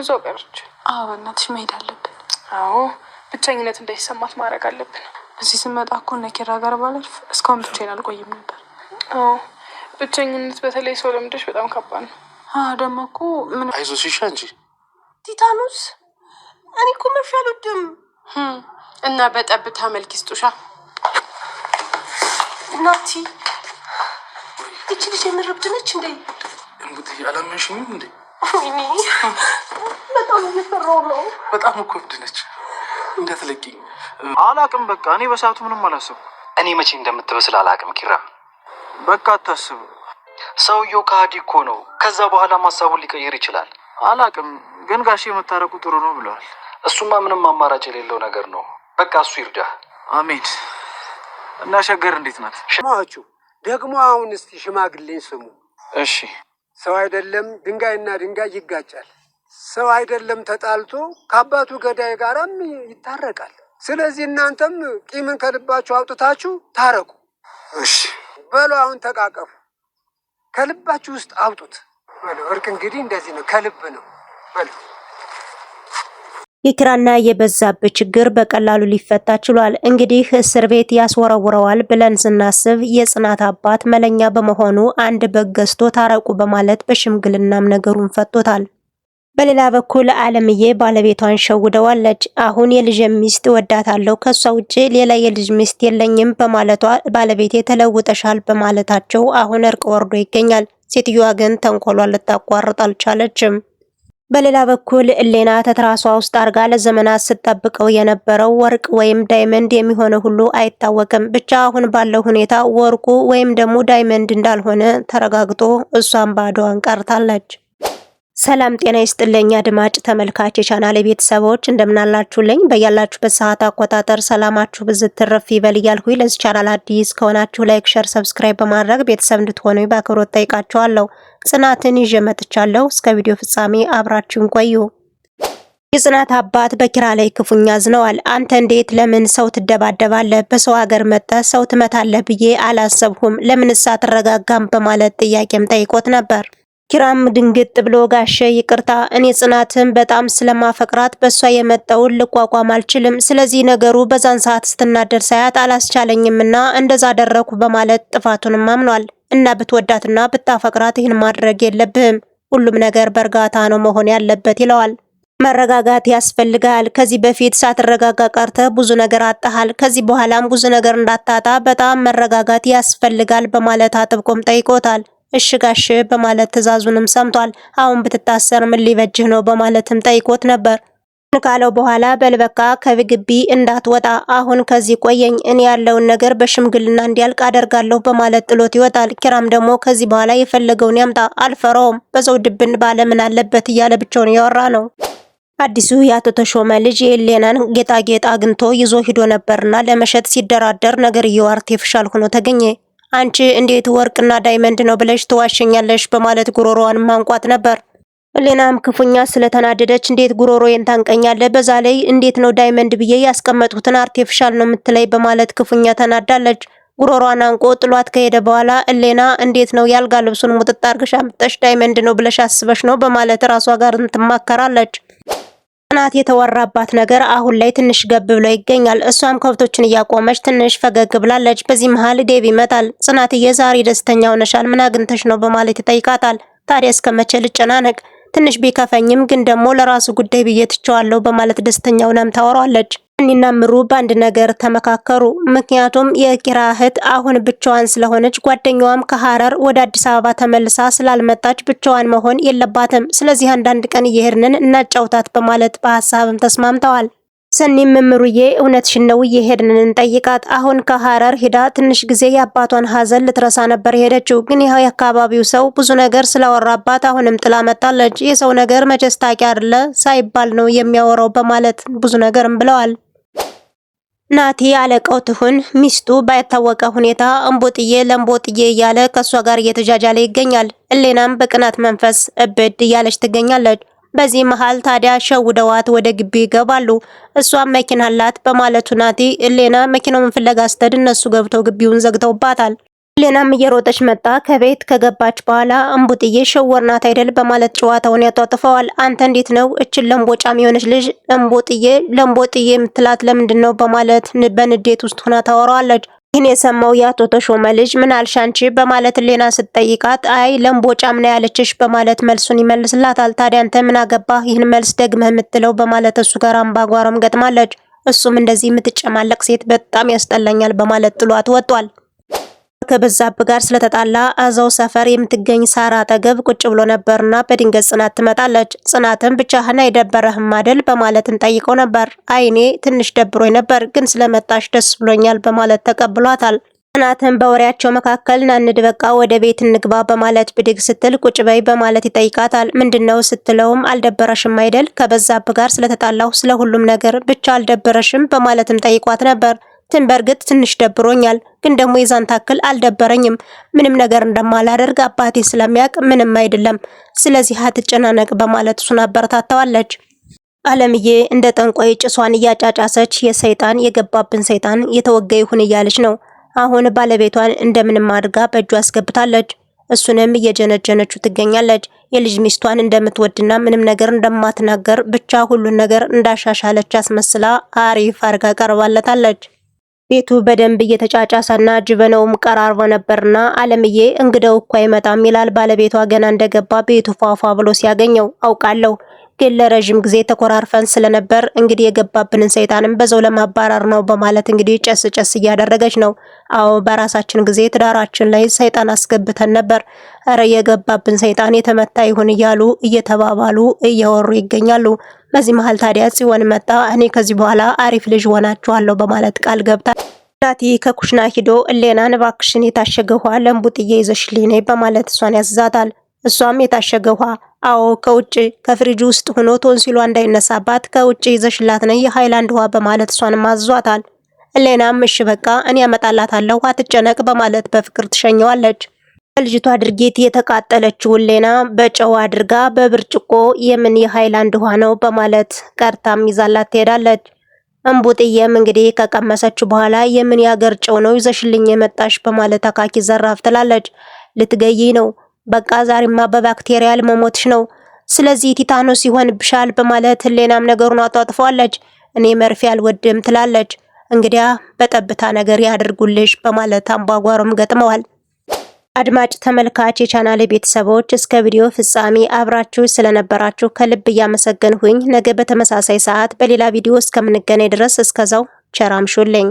ብዙ ወገኖች። አዎ በእናትሽ መሄድ አለብን። አዎ ብቸኝነት እንዳይሰማት ማድረግ አለብን። እዚህ ስመጣ እኮ እነ ጋር ባላልፍ እስካሁን ብቻዬን አልቆይም ነበር። አዎ ብቸኝነት በተለይ ሰው ለምደሽ በጣም ከባድ ነው። ደግሞ እኮ ምን አይዞሽ ይሻ እንጂ ቲታኖስ እኔ እኮ መርፌ አልወድም እና በጠብታ መልክ ይስጡሻ እናቲ ይቺ ልጅ የምረብድነች እንዴ እንግዲህ አላመንሽኝም እንዴ ነው። በጣም እኮ እብድ ነች። እንዳትለቂኝ አላቅም። በቃ እኔ በሰዓቱ ምንም አላስብ። እኔ መቼ እንደምትበስል አላቅም። ኪራ በቃ አታስብ። ሰውየው ከሃዲ እኮ ነው። ከዛ በኋላ ሀሳቡን ሊቀይር ይችላል። አላቅም ግን ጋሽ የምታረቁ ጥሩ ነው ብለዋል። እሱማ ምንም አማራጭ የሌለው ነገር ነው። በቃ እሱ ይርዳ አሜን። እና ሸገር እንዴት ናት? ሽማችሁ ደግሞ አሁን እስቲ ሽማግሌን ስሙ እሺ። ሰው አይደለም ድንጋይና ድንጋይ ይጋጫል። ሰው አይደለም ተጣልቶ ከአባቱ ገዳይ ጋርም ይታረቃል። ስለዚህ እናንተም ቂምን ከልባችሁ አውጥታችሁ ታረቁ። እሺ በሉ አሁን ተቃቀፉ፣ ከልባችሁ ውስጥ አውጡት። በሉ እርቅ እንግዲህ እንደዚህ ነው፣ ከልብ ነው። በሉ የኪራና የበዛብህ ችግር በቀላሉ ሊፈታ ችሏል። እንግዲህ እስር ቤት ያስወረውረዋል ብለን ስናስብ የጽናት አባት መለኛ በመሆኑ አንድ በግ ገዝቶ ታረቁ በማለት በሽምግልናም ነገሩን ፈቶታል። በሌላ በኩል አለምዬ ባለቤቷን ሸውደዋለች። አሁን የልጅ ሚስት ወዳታለሁ ከሷ ውጪ ሌላ የልጅ ሚስት የለኝም በማለቷ ባለቤቴ ተለውጠሻል በማለታቸው አሁን እርቅ ወርዶ ይገኛል። ሴትዮዋ ግን ተንኮሏን ልታቋርጥ አልቻለችም። በሌላ በኩል እሌና ተትራሷ ውስጥ አርጋ ለዘመናት ስጠብቀው የነበረው ወርቅ ወይም ዳይመንድ የሚሆነ ሁሉ አይታወቅም። ብቻ አሁን ባለው ሁኔታ ወርቁ ወይም ደግሞ ዳይመንድ እንዳልሆነ ተረጋግጦ እሷን ባዶዋን ቀርታለች። ሰላም ጤና ይስጥልኝ አድማጭ ተመልካች የቻናል ቤተሰቦች እንደምናላችሁልኝ በያላችሁበት ሰዓት አቆጣጠር ሰላማችሁ ብዝት ትርፍ ይበል እያልኩኝ ለዚህ ቻናል አዲስ ከሆናችሁ ላይክ፣ ሸር፣ ሰብስክራይብ በማድረግ ቤተሰብ እንድትሆኑ በአክብሮት ጠይቃችኋለሁ። ጽናትን ይዤ መጥቻለሁ። እስከ ቪዲዮ ፍጻሜ አብራችሁን ቆዩ። የጽናት አባት በኪራ ላይ ክፉኛ አዝነዋል። አንተ እንዴት ለምን ሰው ትደባደባለህ? በሰው ሀገር መጥተህ ሰው ትመታለህ ብዬ አላሰብሁም። ለምንስ አትረጋጋም? በማለት ጥያቄም ጠይቆት ነበር። ኪራም ድንግጥ ብሎ ጋሸ ይቅርታ፣ እኔ ጽናትን በጣም ስለማፈቅራት በእሷ የመጣውን ልቋቋም አልችልም። ስለዚህ ነገሩ በዛን ሰዓት ስትናደር ሳያት አላስቻለኝምና እንደዛ አደረኩ በማለት ጥፋቱንም አምኗል። እና ብትወዳትና ብታፈቅራት ይህን ማድረግ የለብህም። ሁሉም ነገር በእርጋታ ነው መሆን ያለበት ይለዋል። መረጋጋት ያስፈልጋል። ከዚህ በፊት ሳትረጋጋ ቀርተህ ብዙ ነገር አጣሃል። ከዚህ በኋላም ብዙ ነገር እንዳታጣ በጣም መረጋጋት ያስፈልጋል በማለት አጥብቆም ጠይቆታል። እሽጋሽ በማለት ትዕዛዙንም ሰምቷል። አሁን ብትታሰር ምን ሊበጅህ ነው በማለትም ጠይቆት ነበር። ካለው በኋላ በልበቃ ከግቢ እንዳትወጣ አሁን ከዚህ ቆየኝ፣ እኔ ያለውን ነገር በሽምግልና እንዲያልቅ አደርጋለሁ በማለት ጥሎት ይወጣል። ኪራም ደግሞ ከዚህ በኋላ የፈለገውን ያምጣ አልፈረውም፣ በሰው ድብን ባለ ምን አለበት እያለ ብቻውን ያወራ ነው። አዲሱ የአቶ ተሾመ ልጅ የኤሌናን ጌጣጌጥ አግኝቶ ይዞ ሂዶ ነበርና ለመሸጥ ሲደራደር ነገርየው አርቴፊሻል ሆኖ ተገኘ። አንቺ እንዴት ወርቅና ዳይመንድ ነው ብለሽ ትዋሸኛለሽ? በማለት ጉሮሮዋን ማንቋት ነበር። ሌናም ክፉኛ ስለተናደደች እንዴት ጉሮሮዬን ታንቀኛለ? በዛ ላይ እንዴት ነው ዳይመንድ ብዬ ያስቀመጡትን አርቴፊሻል ነው የምትለይ? በማለት ክፉኛ ተናዳለች። ጉሮሯን አንቆ ጥሏት ከሄደ በኋላ እሌና እንዴት ነው ያልጋ ልብሱን ሙጥጥ አርግሽ አምጥተሽ ዳይመንድ ነው ብለሽ አስበሽ ነው? በማለት ራሷ ጋር ትማከራለች። ጽናት የተወራባት ነገር አሁን ላይ ትንሽ ገብ ብሎ ይገኛል። እሷም ከብቶችን እያቆመች ትንሽ ፈገግ ብላለች። በዚህ መሀል ዴቭ ይመጣል። ጽናትዬ ዛሬ ደስተኛ ሆነሻል፣ ምን አግኝተሽ ነው በማለት ይጠይቃታል። ታዲያ እስከ መቼ ልጨናነቅ? ትንሽ ቢከፈኝም ግን ደግሞ ለራሱ ጉዳይ ብዬ ትቸዋለሁ በማለት ደስተኛ ሆናም ታወራለች። ሀኒና ምሩ በአንድ ነገር ተመካከሩ። ምክንያቱም የኪራ እህት አሁን ብቻዋን ስለሆነች ጓደኛዋም ከሀረር ወደ አዲስ አበባ ተመልሳ ስላልመጣች ብቻዋን መሆን የለባትም። ስለዚህ አንዳንድ ቀን እየሄድንን እናጫውታት በማለት በሀሳብም ተስማምተዋል። ሰኒም ምምሩዬ እውነትሽን ነው እየሄድንን እንጠይቃት። አሁን ከሀረር ሂዳ ትንሽ ጊዜ የአባቷን ሀዘን ልትረሳ ነበር የሄደችው። ግን ይኸው የአካባቢው ሰው ብዙ ነገር ስላወራባት አሁንም ጥላ መጣለች። የሰው ነገር መቼስ ታውቂ አይደለ ሳይባል ነው የሚያወራው በማለት ብዙ ነገርም ብለዋል። ናቲ አለቀው ትሁን ሚስቱ ባይታወቀ ሁኔታ እንቦጥዬ ለእንቦጥዬ እያለ ከእሷ ጋር እየተጃጃለ ይገኛል። እሌናም በቅናት መንፈስ እብድ እያለች ትገኛለች። በዚህ መሃል ታዲያ ሸውደዋት ወደ ግቢ ይገባሉ። እሷም መኪና አላት በማለቱ ናቲ እሌና መኪናውን ፍለጋ ስትሄድ እነሱ ገብተው ግቢውን ዘግተውባታል። ሌናም እየሮጠች መጣ። ከቤት ከገባች በኋላ እምቡጥዬ ሸወርናት አይደል በማለት ጨዋታውን ያጧጥፈዋል። አንተ እንዴት ነው እችን ለምቦጫም የሆነች ልጅ እምቡጥዬ ለምቦጥዬ የምትላት ለምንድን ነው በማለት በንዴት ውስጥ ሆና ታወራዋለች። ይህን የሰማው የአቶ ተሾመ ልጅ ምን አልሻንቺ በማለት ሌና ስትጠይቃት አይ ለምቦጫም ነው ያለችሽ በማለት መልሱን ይመልስላታል። ታዲያ አንተ ምን አገባህ ይህን መልስ ደግመህ የምትለው በማለት እሱ ጋር አምባጓሮም ገጥማለች። እሱም እንደዚህ የምትጨማለቅ ሴት በጣም ያስጠላኛል በማለት ጥሏት ወጥቷል። ከበዛብ ጋር ስለተጣላ እዛው ሰፈር የምትገኝ ሳራ አጠገብ ቁጭ ብሎ ነበርና በድንገት ጽናት ትመጣለች። ጽናትም ብቻህን አይደበረህም አደል በማለት እንጠይቀው ነበር። አይኔ ትንሽ ደብሮኝ ነበር ግን ስለመጣሽ ደስ ብሎኛል በማለት ተቀብሏታል። ጽናትን በወሬያቸው መካከል ናንድ በቃ ወደ ቤት እንግባ በማለት ብድግ ስትል ቁጭ በይ በማለት ይጠይቃታል። ምንድነው ስትለውም አልደበረሽም አይደል ከበዛብ ጋር ስለተጣላሁ ስለሁሉም ነገር ብቻ አልደበረሽም በማለትም ጠይቋት ነበር። ትን በእርግጥ ትንሽ ደብሮኛል፣ ግን ደግሞ የዛን ታክል አልደበረኝም። ምንም ነገር እንደማላደርግ አባቴ ስለሚያውቅ ምንም አይደለም፣ ስለዚህ አትጨናነቅ በማለት እሱን አበረታታዋለች። አለምዬ እንደ ጠንቋይ ጭሷን እያጫጫሰች የሰይጣን የገባብን ሰይጣን የተወገ ይሁን እያለች ነው። አሁን ባለቤቷን እንደምንም አድርጋ በእጁ አስገብታለች። እሱንም እየጀነጀነችው ትገኛለች። የልጅ ሚስቷን እንደምትወድና ምንም ነገር እንደማትናገር ብቻ ሁሉን ነገር እንዳሻሻለች አስመስላ አሪፍ አድርጋ ቀርባለታለች። ቤቱ በደንብ እየተጫጫሰና ጅበነውም ቀራርቦ ነበርና አለምዬ እንግዳው እኮ አይመጣም ይላል ባለቤቷ ገና እንደገባ ቤቱ ፏፏ ብሎ ሲያገኘው አውቃለሁ ግን ለረዥም ጊዜ ተኮራርፈን ስለነበር እንግዲህ የገባብንን ሰይጣንም በዛው ለማባረር ነው በማለት እንግዲህ ጨስ ጨስ እያደረገች ነው። አዎ በራሳችን ጊዜ ትዳራችን ላይ ሰይጣን አስገብተን ነበር። እረ የገባብን ሰይጣን የተመታ ይሁን እያሉ እየተባባሉ እያወሩ ይገኛሉ። በዚህ መሀል ታዲያ ጽዮን መጣ። እኔ ከዚህ በኋላ አሪፍ ልጅ ሆናችኋለሁ በማለት ቃል ገብታ ዳቲ ከኩሽና ሂዶ እሌናን ንባክሽን የታሸገ ውሃ ለምቡጥዬ ይዘሽልኝ ነይ በማለት እሷን ያስዛታል። እሷም የታሸገ ውሃ አዎ፣ ከውጭ ከፍሪጅ ውስጥ ሆኖ ቶንሲሏ እንዳይነሳባት ከውጭ ይዘሽላት ነይ የሃይላንድ ውሃ በማለት እሷንም አዟታል። ሌናም እሺ በቃ እኔ ውሃ አትጨነቅ በማለት በፍቅር ትሸኘዋለች። በልጅቷ ድርጊት የተቃጠለችው ሌና በጨው አድርጋ በብርጭቆ የምን የሃይላንድ ውሃ ነው በማለት ቀርታም ይዛላት ትሄዳለች። እምቡጥዬም እንግዲህ ከቀመሰችው በኋላ የምን ያገር ጨው ነው ይዘሽልኝ የመጣሽ በማለት አካኪ ዘራፍ ትላለች። ልትገይ ነው በቃ ዛሬማ በባክቴሪያ መሞትሽ ነው፣ ስለዚህ ቲታኖስ ብሻል በማለት ህሌናም ነገሩን አጧጥፏለች። እኔ መርፌ አልወድም ትላለች። እንግዲያ በጠብታ ነገር ያድርጉልሽ በማለት አምባጓሮም ገጥመዋል። አድማጭ ተመልካች፣ የቻናል ቤተሰቦች እስከ ቪዲዮ ፍጻሜ አብራችሁ ስለነበራችሁ ከልብ እያመሰገንሁኝ ነገ በተመሳሳይ ሰዓት በሌላ ቪዲዮ እስከምንገናኝ ድረስ እስከዛው ቸር አምሹልኝ።